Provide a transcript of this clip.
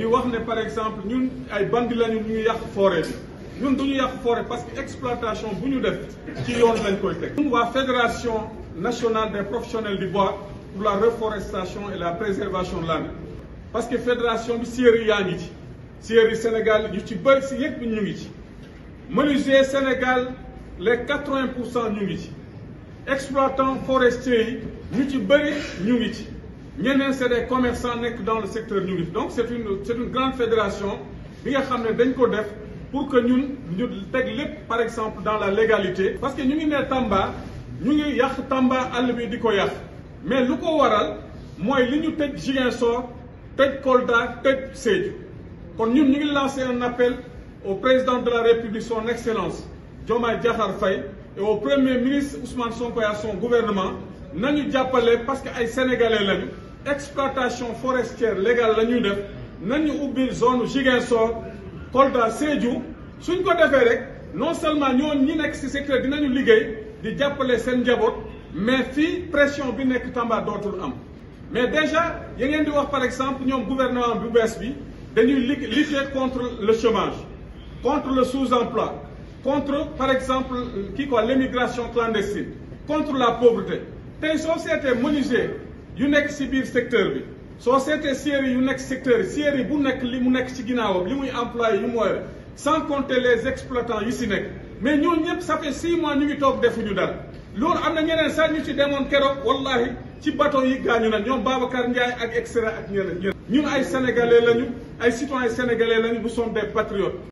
di wax par exemple ñun ay bandi lañu ñuy yàq forêt bi ñun duñu yàq forêt parce que exploitation bu ñu def ci yoon lañ koy teg. ñun fédération nationale des professionnels du bois pour la reforestation et la préservation de l'âme, parce que fédération bi séeréer yaa ngi ci Sénégal ñu ci bëri si ñu ngi ci Sénégal les 80% ñu ngi ci exploitant forestier ñu ci ñeneen c'est des commerçants nekk dans le secteur du livre. donc c'est une une grande fédération bi nga xam dañ ko def pour que nous nous par exemple dans la légalité. parce que nous sommes ne Tamba nous sommes yàq Tamba à bi du mais lu ko waral moi li ñu tëj Ziguinchor tëj Kolda tëj Sédhiou kon ñun ñu lancé un appel au président de la République son excellence Diomaye Diakhar Faye et au premier ministre Ousmane Sonko et à son gouvernement nañu jàppale parce que ay sénégalais lañu exploitation forestière légale la nous def nañu de zone Jigensor, Kolda Sédhiou suñ ko défé rek non seulement nous ñi nek ci secteur dinañu liggéey di jàppale sen njaboot mais fi pression bi nek Tamba dootul am mais déjà ya ngeen di wax par exemple ñom gouvernement bu bees bi dañuy lutter contre le chômage contre le sous-emploi contre par exemple euh, qui l'émigration clandestine contre la pauvreté tay société seetee yu nekk a biir secteur bi soo seetee un yu secteur yi bu nekk li mu ci ginnaawam sans compter les exploitants yu si nekk mais ñooñu ñëpp ça fait six mois ñu ngi toog defuñu dara loolu am na ñeneen sax ñu ci demoon keroog wallahi ci bateau yi gaañu na ñoom Babacar ak ak ñeneen ñun sénégalais lañu ay citoyens sénégalais lañu nous sommes des patriotes